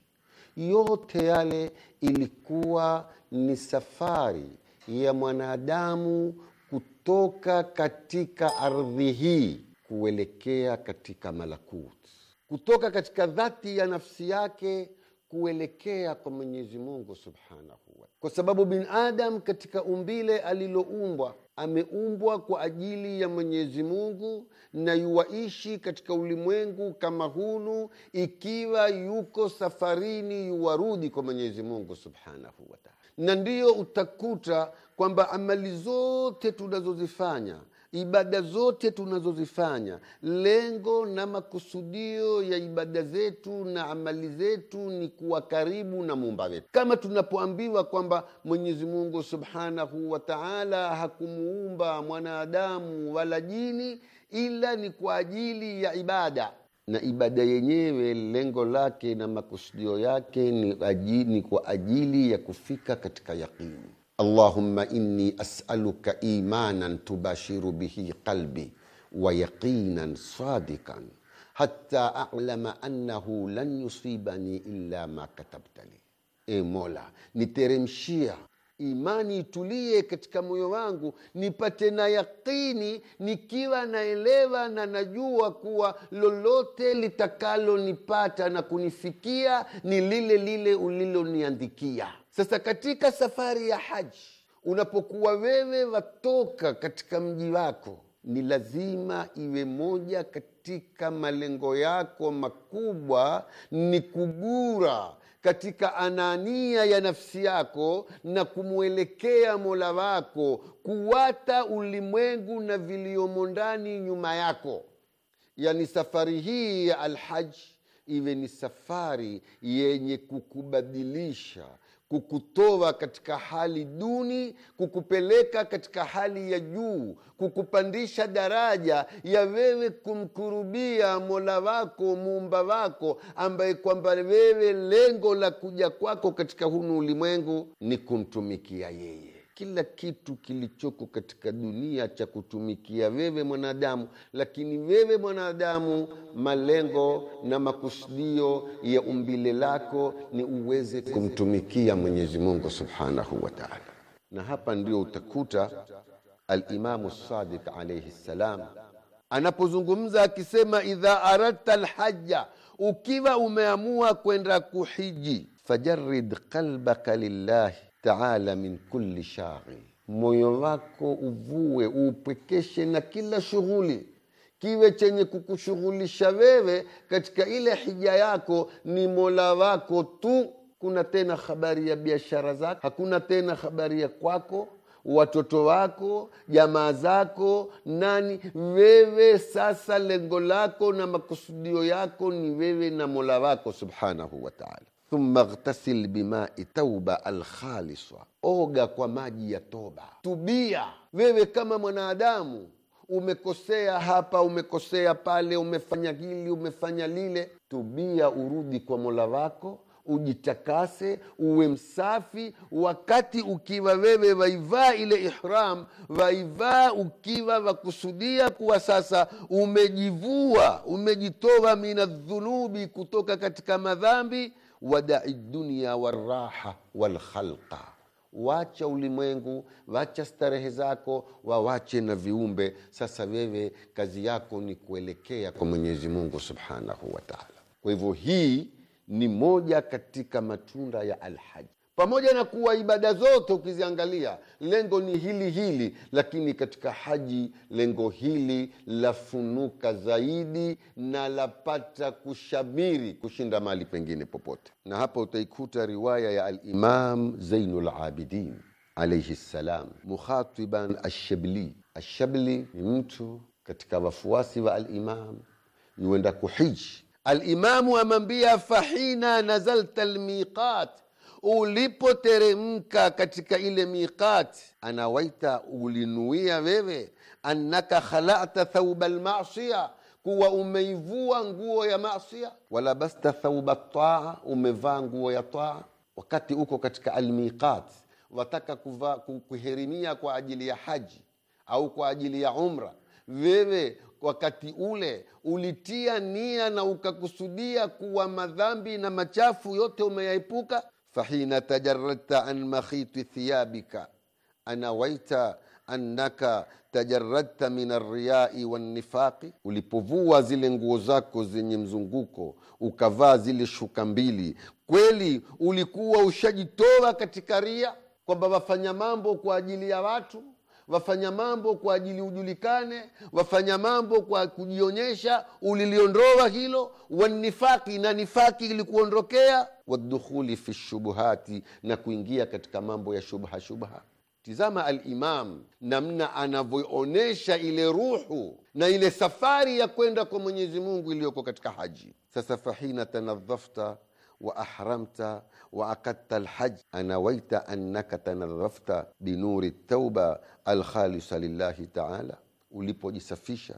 yote yale ilikuwa ni safari ya mwanadamu kutoka katika ardhi hii kuelekea katika malakut, kutoka katika dhati ya nafsi yake kuelekea kwa mwenyezi mungu subhanahu wa kwa sababu binadam katika umbile aliloumbwa ameumbwa kwa ajili ya mwenyezi mungu na yuwaishi katika ulimwengu kama hunu ikiwa yuko safarini yuwarudi kwa mwenyezi mungu subhanahu wataala na ndiyo utakuta kwamba amali zote tunazozifanya ibada zote tunazozifanya, lengo na makusudio ya ibada zetu na amali zetu ni kuwa karibu na muumba wetu, kama tunapoambiwa kwamba Mwenyezi Mungu subhanahu wa taala hakumuumba mwanadamu wala jini ila ni kwa ajili ya ibada na ibada yenyewe lengo lake na makusudio yake ni, ajili, ni kwa ajili ya kufika katika yaqini allahumma inni as'aluka imanan tubashiru bihi qalbi wa yaqinan sadikan hatta alama annahu lan yusibani illa ma katabtali e mola niteremshia imani itulie katika moyo wangu nipate na yaqini nikiwa naelewa na najua kuwa lolote litakalonipata na kunifikia ni lile lile uliloniandikia sasa katika safari ya haji unapokuwa wewe watoka katika mji wako ni lazima iwe moja katika malengo yako makubwa ni kugura katika anania ya nafsi yako na kumwelekea mola wako kuwata ulimwengu na viliomo ndani nyuma yako yani safari hii ya alhaji iwe ni safari yenye kukubadilisha kukutoa katika hali duni, kukupeleka katika hali ya juu, kukupandisha daraja ya wewe kumkurubia Mola wako muumba wako, ambaye kwamba wewe lengo la kuja kwako katika hunu ulimwengu ni kumtumikia yeye kila kitu kilichoko katika dunia cha kutumikia wewe mwanadamu, lakini wewe mwanadamu, malengo na makusudio ya umbile lako ni uweze kumtumikia Mwenyezi Mungu Subhanahu wa Ta'ala. Na hapa ndio utakuta Alimamu Sadiq alayhi salam anapozungumza akisema, idha aradta lhaja ukiwa umeamua kwenda kuhiji, fajarrid qalbaka lillahi taala min kulli shaghil, moyo wako uvue uupwekeshe na kila shughuli, kiwe chenye kukushughulisha wewe katika ile hija yako ni mola wako tu. Kuna tena habari ya biashara zako, hakuna tena habari ya kwako watoto wako, jamaa zako, nani wewe. Sasa lengo lako na makusudio yako ni wewe na mola wako subhanahu wa taala thumma ghtasil bimai tauba alkhaliswa, oga kwa maji ya toba. Tubia wewe kama mwanadamu, umekosea hapa, umekosea pale, umefanya hili, umefanya lile. Tubia, urudi kwa mola wako, ujitakase, uwe msafi, wakati ukiwa wewe waivaa ile ihram, waivaa ukiwa wakusudia kuwa sasa umejivua, umejitoa minadhunubi, kutoka katika madhambi wadai dunia waraha walkhalqa, wacha ulimwengu, wacha starehe zako, wawache na viumbe. Sasa wewe kazi yako ni kuelekea kwa Mwenyezi Mungu subhanahu wa taala. Kwa hivyo hii ni moja katika matunda ya alhaji pamoja na kuwa ibada zote ukiziangalia lengo ni hili hili, lakini katika haji lengo hili lafunuka zaidi na lapata kushamiri kushinda mali pengine popote. Na hapa utaikuta riwaya ya Alimam Zainul Abidin alaihi ssalam, mukhatiban Ashabli. Ashabli ni mtu katika wafuasi wa Alimam yuenda kuhiji. Alimamu amambia fahina nazalta lmiqat ulipoteremka katika ile miqati anawaita ulinuia wewe annaka khalata thauba lmasia kuwa umeivua nguo ya masia walabasta thauba taa umevaa nguo ya taa wakati uko katika almiqat wataka kuva, kwa ajili ya haji au kwa ajili ya umra wewe wakati ule ulitia nia na ukakusudia kuwa madhambi na machafu yote umeyaepuka fahina tajaradta an makhiti thiyabika anawaita annaka tajaradta min arriyai wannifaqi, ulipovua zile nguo zako zenye mzunguko ukavaa zile shuka mbili, kweli ulikuwa ushajitoa katika ria, kwamba wafanya mambo kwa ajili ya watu wafanya mambo kwa ajili ujulikane wafanya mambo kwa kujionyesha uliliondoa hilo wanifaki na nifaki ilikuondokea wadukhuli fi lshubuhati na kuingia katika mambo ya shubha shubha tizama alimam namna anavyoonyesha ile ruhu na ile safari ya kwenda kwa mwenyezi mungu iliyoko katika haji sasa fahina tanadhafta wa ahramta wa akadta lhaj anawaita annaka tanadhafta binuri tauba alkhalisa lillahi taala, ulipojisafisha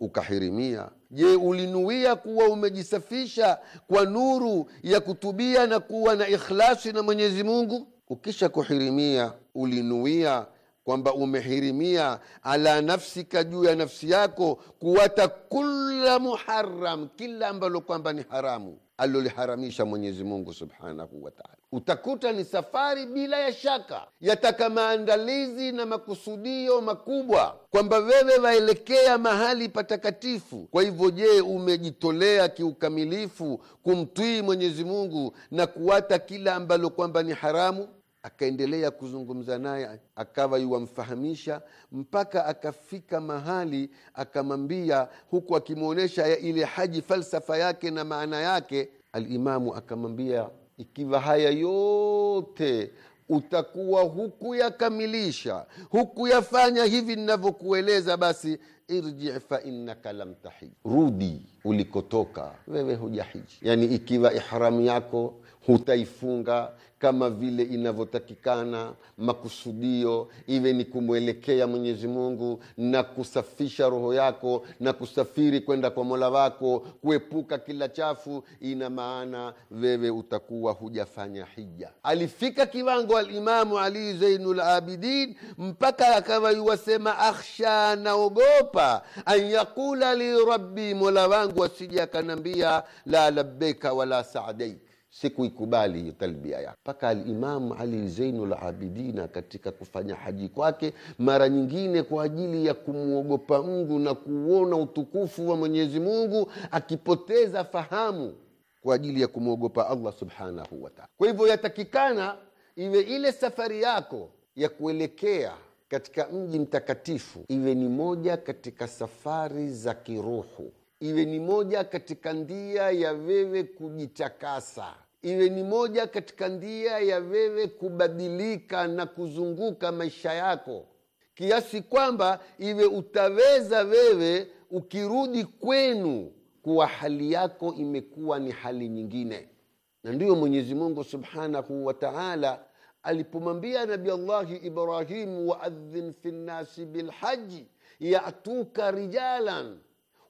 ukahirimia. Je, ulinuia kuwa umejisafisha kwa nuru ya kutubia na kuwa na ikhlasi na Mwenyezi Mungu? Ukisha kuhirimia, ulinuia kwamba umehirimia ala nafsika, juu ya nafsi yako, kuwata kula muharam, kila ambalo kwamba ni haramu aliloliharamisha Mwenyezi Mungu subhanahu wa taala. Utakuta ni safari bila ya shaka, yataka maandalizi na makusudio makubwa, kwamba wewe waelekea mahali patakatifu. Kwa hivyo, je, umejitolea kiukamilifu kumtwii Mwenyezi Mungu na kuwata kila ambalo kwamba ni haramu? akaendelea kuzungumza naye, akawa yuwamfahamisha mpaka akafika mahali akamwambia, huku akimwonyesha ile haji falsafa yake na maana yake. Alimamu akamwambia, ikiwa haya yote utakuwa hukuyakamilisha hukuyafanya hivi ninavyokueleza, basi irji fa innaka lam tahij, rudi ulikotoka, wewe hujahiji. Yani ikiwa ihramu yako hutaifunga kama vile inavyotakikana, makusudio iwe ni kumwelekea Mwenyezi Mungu na kusafisha roho yako na kusafiri kwenda kwa Mola wako, kuepuka kila chafu. Ina maana wewe utakuwa hujafanya hija. Alifika kiwango Alimamu Ali Zainul Abidin mpaka akawa yuwasema, akhsha, naogopa an yaqula li rabbi, mola wangu asije akanambia la labbeika wala saadeik sikuikubali hiyo talbia yake. Mpaka Alimamu Ali Zainul Abidina katika kufanya haji kwake mara nyingine, kwa ajili ya kumwogopa Mungu na kuona utukufu wa Mwenyezi Mungu, akipoteza fahamu kwa ajili ya kumwogopa Allah subhanahu wataala. Kwa hivyo, yatakikana iwe ile safari yako ya kuelekea katika mji mtakatifu iwe ni moja katika safari za kiruhu iwe ni moja katika ndia ya wewe kujitakasa iwe ni moja katika ndia ya wewe kubadilika na kuzunguka maisha yako kiasi kwamba iwe utaweza wewe ukirudi kwenu kuwa hali yako imekuwa ni hali nyingine na ndiyo mwenyezi mungu subhanahu wa taala alipomwambia nabi allahi ibrahimu waadhin fi nnasi bilhaji yatuka rijalan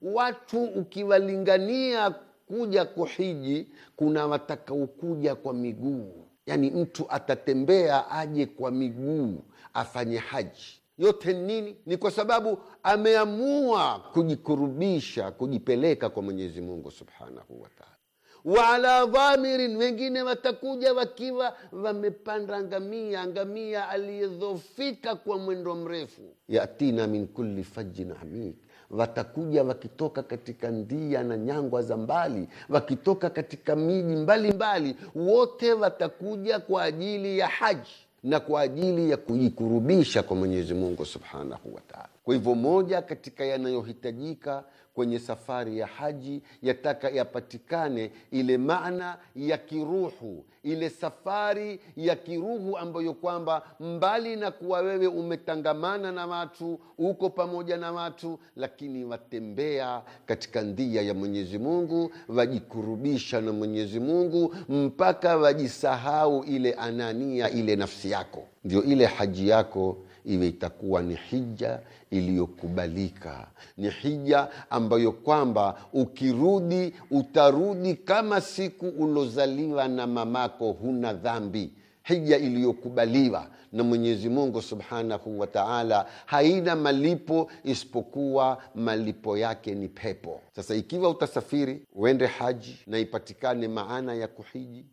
watu ukiwalingania kuja kuhiji, kuna watakaokuja kwa miguu, yani mtu atatembea aje kwa miguu afanye haji. Yote nini? Ni kwa sababu ameamua kujikurubisha, kujipeleka kwa Mwenyezi Mungu subhanahu wa Waala dhamirin, wengine watakuja wakiwa wamepanda ngamia, ngamia aliyedhofika kwa mwendo mrefu. Yatina min kulli fajin amik watakuja wakitoka katika ndia na nyangwa za mbali, wakitoka katika miji mbalimbali, wote watakuja kwa ajili ya haji na kwa ajili ya kujikurubisha kwa Mwenyezi Mungu subhanahu wa taala. Kwa hivyo moja katika yanayohitajika kwenye safari ya haji yataka yapatikane ile maana ya kiruhu ile safari ya kiruhu ambayo kwamba mbali na kuwa wewe umetangamana na watu uko pamoja na watu lakini watembea katika ndia ya mwenyezi mungu wajikurubisha na mwenyezi mungu mpaka wajisahau ile anania ile nafsi yako ndio ile haji yako iwe itakuwa ni hija iliyokubalika, ni hija ambayo kwamba ukirudi utarudi kama siku ulozaliwa na mamako, huna dhambi. Hija iliyokubaliwa na Mwenyezi Mungu subhanahu wa taala, haina malipo isipokuwa malipo yake ni pepo. Sasa ikiwa utasafiri uende haji na ipatikane maana ya kuhiji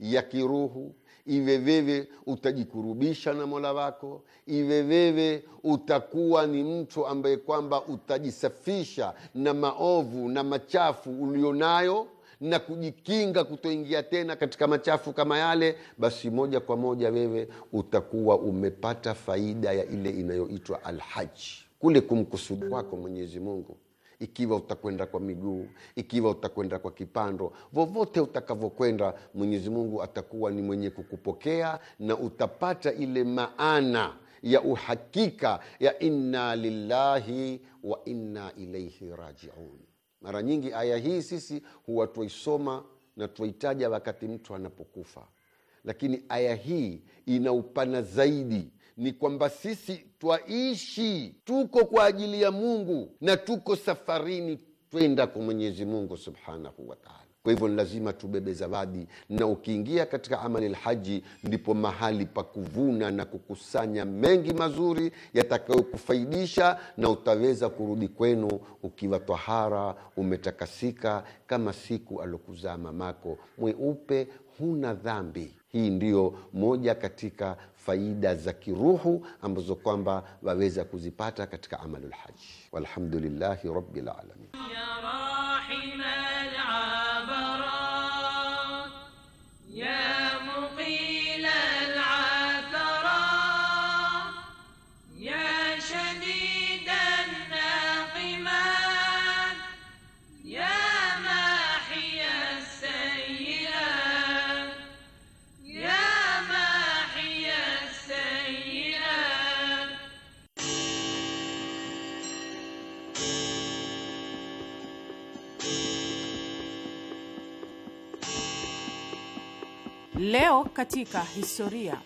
ya kiruhu ivevive utajikurubisha na mola wako ivevive utakuwa ni mtu ambaye kwamba utajisafisha na maovu na machafu ulionayo na kujikinga kutoingia tena katika machafu kama yale basi moja kwa moja wewe utakuwa umepata faida ya ile inayoitwa alhaji kule kumkusudu kwako mwenyezi mungu ikiwa utakwenda kwa miguu, ikiwa utakwenda kwa kipando, vovote utakavyokwenda, Mwenyezi Mungu atakuwa ni mwenye kukupokea na utapata ile maana ya uhakika ya inna lillahi wa inna ilaihi rajiun. Mara nyingi aya hii sisi huwa twaisoma na twaitaja wakati mtu anapokufa, lakini aya hii ina upana zaidi ni kwamba sisi twaishi, tuko kwa ajili ya Mungu na tuko safarini twenda kwa Mwenyezi Mungu subhanahu wa taala. Kwa hivyo ni lazima tubebe zawadi, na ukiingia katika amali lhaji, ndipo mahali pa kuvuna na kukusanya mengi mazuri yatakayokufaidisha, na utaweza kurudi kwenu ukiwa twahara, umetakasika kama siku aliokuzaa mamako, mweupe, huna dhambi. Hii ndiyo moja katika faida za kiruhu ambazo kwamba waweza kuzipata katika amalu lhaji Walhamdulillahi rabbil alamin. Ya Leo katika historia.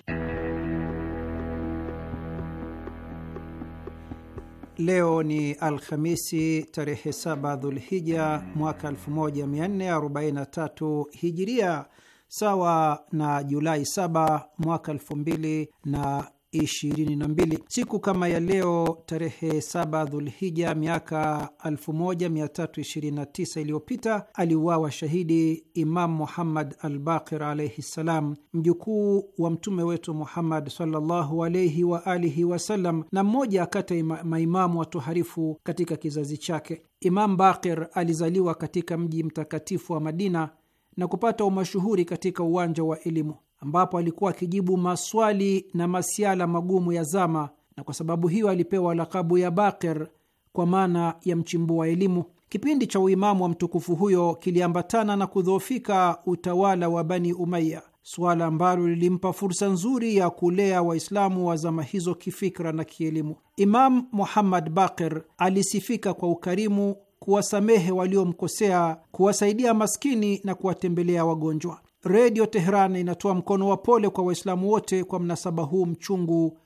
Leo ni Alhamisi tarehe 7 Dhulhija mwaka 1443 Hijiria, sawa na Julai 7 mwaka 2000 na 22. Siku kama ya leo tarehe 7 Dhulhija miaka 1329 iliyopita aliuawa shahidi Imam Muhammad al Baqir alaihi ssalam, mjukuu wa mtume wetu Muhammad sallallahu alaihi wa alihi wasallam, na mmoja kati ya maimamu watoharifu katika kizazi chake. Imam Baqir alizaliwa katika mji mtakatifu wa Madina na kupata umashuhuri katika uwanja wa elimu ambapo alikuwa akijibu maswali na masiala magumu ya zama, na kwa sababu hiyo alipewa lakabu ya Bakir kwa maana ya mchimbua elimu. Kipindi cha uimamu wa mtukufu huyo kiliambatana na kudhoofika utawala wa Bani Umaya, suala ambalo lilimpa fursa nzuri ya kulea Waislamu wa zama hizo kifikra na kielimu. Imam Muhammad Bakir alisifika kwa ukarimu, kuwasamehe waliomkosea, kuwasaidia maskini na kuwatembelea wagonjwa. Redio Teheran inatoa mkono wa pole kwa Waislamu wote kwa mnasaba huu mchungu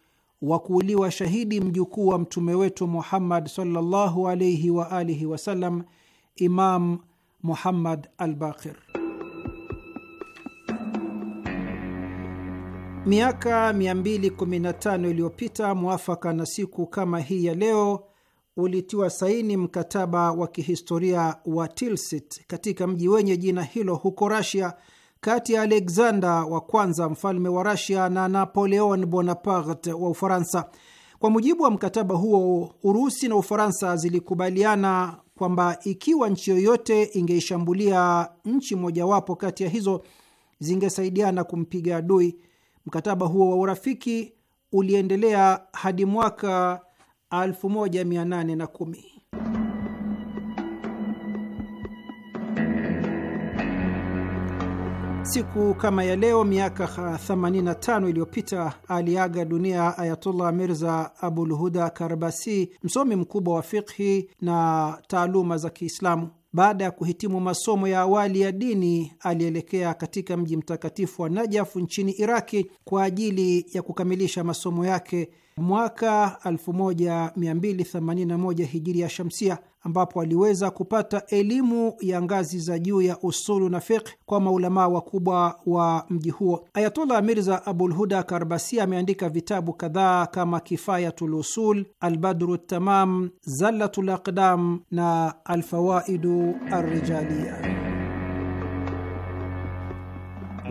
wa kuuliwa shahidi mjukuu wa mtume wetu Muhammad sallallahu alaihi wa alihi wasallam, Imam Muhammad al-Baqir. Miaka 215 iliyopita mwafaka na siku kama hii ya leo ulitiwa saini mkataba wa kihistoria wa Tilsit katika mji wenye jina hilo huko Rasia kati ya Alexander wa kwanza mfalme wa Rasia na Napoleon Bonaparte wa Ufaransa. Kwa mujibu wa mkataba huo, Urusi na Ufaransa zilikubaliana kwamba ikiwa nchi yoyote ingeishambulia nchi mojawapo kati ya hizo zingesaidiana kumpiga adui. Mkataba huo wa urafiki uliendelea hadi mwaka 1810. Siku kama ya leo miaka 85 iliyopita aliaga dunia Ayatullah Mirza abul huda Karbasi, msomi mkubwa wa fikhi na taaluma za Kiislamu. Baada ya kuhitimu masomo ya awali ya dini, alielekea katika mji mtakatifu wa Najafu nchini Iraki kwa ajili ya kukamilisha masomo yake mwaka 1281 hijiri ya shamsia ambapo aliweza kupata elimu ya ngazi za juu ya usulu na fiqh kwa maulamaa wakubwa wa mji huo. Ayatollah Mirza Abul Huda Karbasi ameandika vitabu kadhaa kama Kifayatul Usul, Albadru Tamam, Zallatul Aqdam na Alfawaidu Arrijalia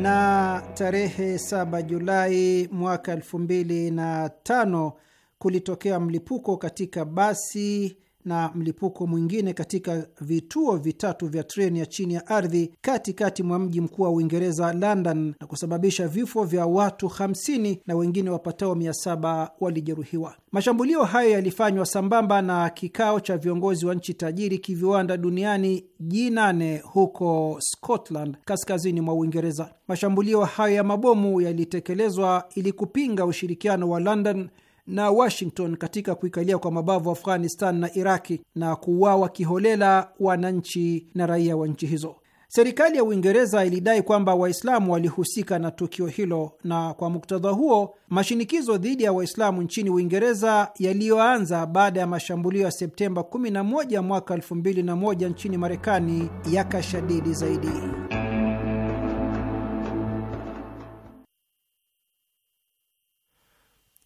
na tarehe 7 Julai mwaka 2005 kulitokea mlipuko katika basi na mlipuko mwingine katika vituo vitatu vya treni ya chini ya ardhi katikati mwa mji mkuu wa Uingereza, London, na kusababisha vifo vya watu 50 na wengine wapatao 700 walijeruhiwa. Mashambulio hayo yalifanywa sambamba na kikao cha viongozi wa nchi tajiri kiviwanda duniani G8 huko Scotland, kaskazini mwa Uingereza. Mashambulio hayo ya mabomu yalitekelezwa ili kupinga ushirikiano wa London na Washington katika kuikalia kwa mabavu Afghanistan na Iraki na kuuawa kiholela wananchi na raia wa nchi hizo. Serikali ya Uingereza ilidai kwamba Waislamu walihusika na tukio hilo, na kwa muktadha huo mashinikizo dhidi ya Waislamu nchini Uingereza yaliyoanza baada ya mashambulio ya Septemba 11 mwaka 2001 nchini Marekani yakashadidi zaidi.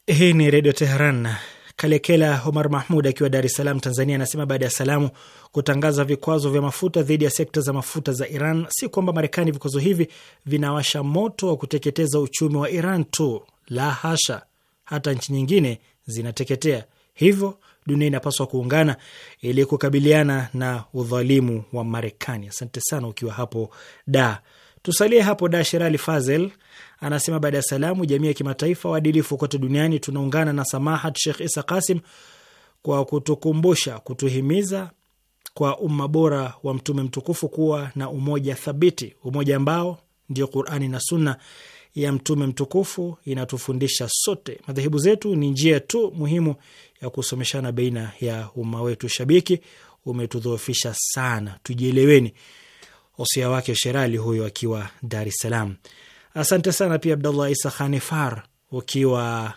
Hii ni Redio Teheran. Kalekela Omar Mahmud akiwa Dar es Salaam, Tanzania, anasema baada ya salamu, kutangaza vikwazo vya mafuta dhidi ya sekta za mafuta za Iran si kwamba Marekani vikwazo hivi vinawasha moto wa kuteketeza uchumi wa Iran tu, la hasha, hata nchi nyingine zinateketea. Hivyo dunia inapaswa kuungana ili kukabiliana na udhalimu wa Marekani. Asante sana ukiwa hapo da Tusalie hapo. dasherali Fazel anasema baada ya salamu, jamii ya kimataifa waadilifu kote duniani tunaungana na samahat Sheikh Isa Kasim kwa kutukumbusha, kutuhimiza kwa umma bora wa mtume mtukufu kuwa na umoja thabiti, umoja ambao ndio Qurani na Sunna ya mtume mtukufu inatufundisha sote. Madhehebu zetu ni njia tu muhimu ya kusomeshana baina ya umma wetu. Shabiki umetudhoofisha sana, tujieleweni osia wake Sherali huyo akiwa Dar es Salaam. Asante sana pia Abdallah Isa Khanifar ukiwa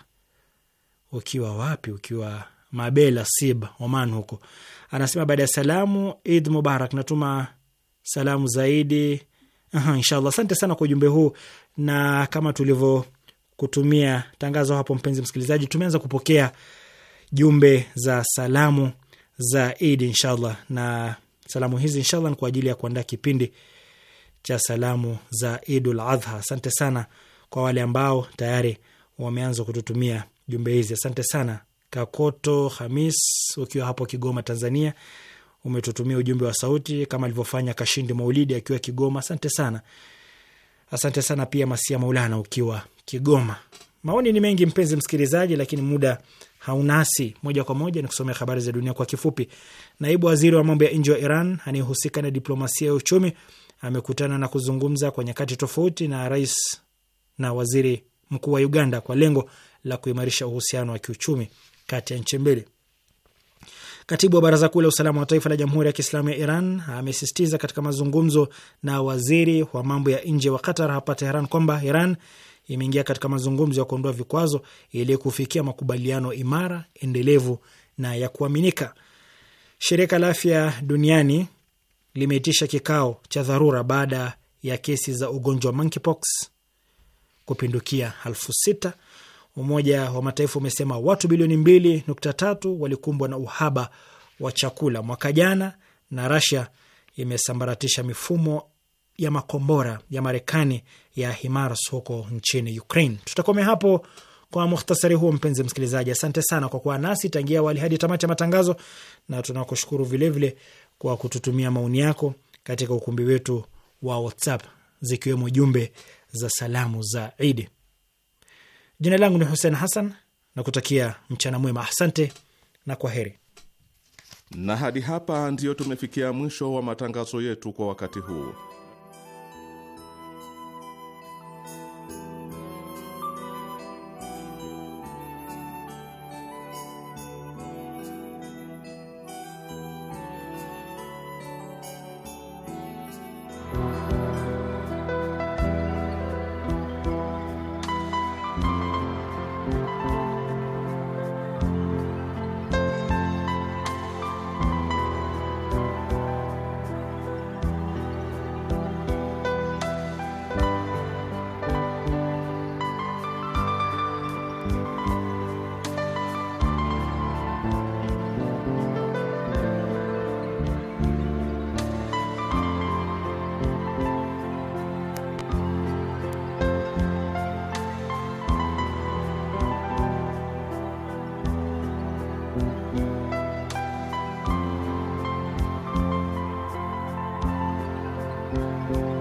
ukiwa wapi? Ukiwa Mabela Sib, Oman huko, anasema baada ya salamu, Id Mubarak, natuma salamu zaidi inshallah. Asante sana kwa ujumbe huu, na kama tulivyo kutumia tangazo hapo, mpenzi msikilizaji, tumeanza kupokea jumbe za salamu za Idi inshallah na Salamu hizi inshallah ni kwa ajili ya kuandaa kipindi cha salamu za Idul Adha. Asante sana kwa wale ambao tayari wameanza kututumia jumbe hizi. Asante sana Kakoto Hamis, ukiwa hapo Kigoma, Tanzania, umetutumia ujumbe wa sauti kama alivyofanya Kashindi Maulidi akiwa Kigoma. Asante sana, asante sana pia Masia Maulana ukiwa Kigoma. Maoni ni mengi mpenzi msikilizaji, lakini muda haunasi moja kwa moja ni kusomea habari za dunia kwa kifupi. Naibu waziri wa mambo ya nje wa Iran anayehusika na diplomasia ya uchumi amekutana na kuzungumza kwa nyakati tofauti na rais na waziri mkuu wa Uganda kwa lengo la kuimarisha uhusiano wa kiuchumi kati ya nchi mbili. Katibu wa baraza kuu la usalama wa taifa la Jamhuri ya Kiislamu ya Iran amesisitiza katika mazungumzo na waziri wa mambo ya nje wa Qatar hapa Teheran kwamba Iran imeingia katika mazungumzo ya kuondoa vikwazo ili kufikia makubaliano imara, endelevu na ya kuaminika. Shirika la Afya Duniani limeitisha kikao cha dharura baada ya kesi za ugonjwa wa monkeypox kupindukia elfu sita. Umoja wa Mataifa umesema watu bilioni mbili nukta tatu walikumbwa na uhaba wa chakula mwaka jana, na Rasia imesambaratisha mifumo ya makombora ya Marekani ya HIMARS huko nchini Ukraine. Tutakomea hapo kwa muhtasari huo, mpenzi msikilizaji. Asante sana kwa kuwa nasi tangia awali hadi tamati ya matangazo, na tunakushukuru vilevile kwa kututumia maoni yako katika ukumbi wetu wa WhatsApp, zikiwemo jumbe za salamu za Idi. Jina langu ni Hussein Hassan na kutakia mchana mwema. Asante na kwa heri. Na hadi hapa ndiyo tumefikia mwisho wa matangazo yetu kwa wakati huu. Thank you.